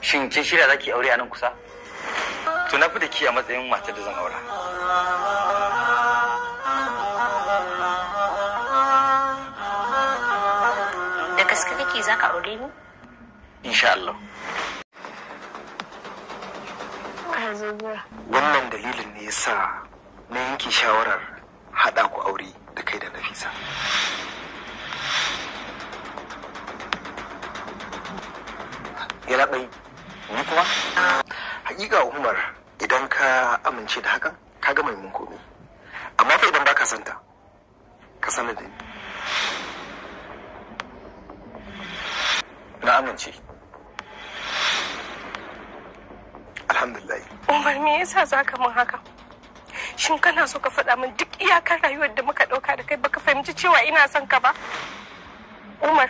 shin kin shirya zaki aure a nan kusa to na fi da ki a matsayin matar da zan aura da gaske kake za ka aure ni insha Allah wannan dalilin ne ya sa na yanke shawarar haɗa ku aure da kai da Nafisa. Ya raɓai ni kuma hakika umar idan ka amince da hakan ka gama mun komi amma fa idan baka santa ka sanar da ni na amince alhamdulillah umar me yasa zaka mun haka shin kana so ka faɗa min duk iyakar rayuwar da muka ɗauka da kai baka fahimci cewa ina son ka ba umar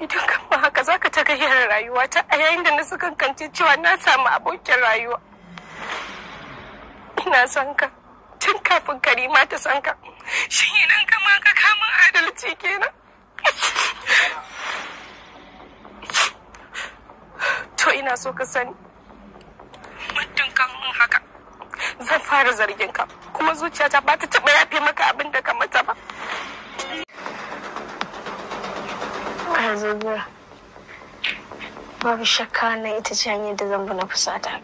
idan ka ba za ka taka gayyarar rayuwa ta a yayin da na suka kance cewa na samu abokin rayuwa ina son ka tun kafin karima ta san ka shi nan ka ma ka kama adalci kenan to ina so ka sani muddin kan haka zan fara zargin ka kuma zuciyata ba ta taɓa yafe maka abin da ka mata ba. babu shakka na ita ce hanyar da zan bi na fusata ka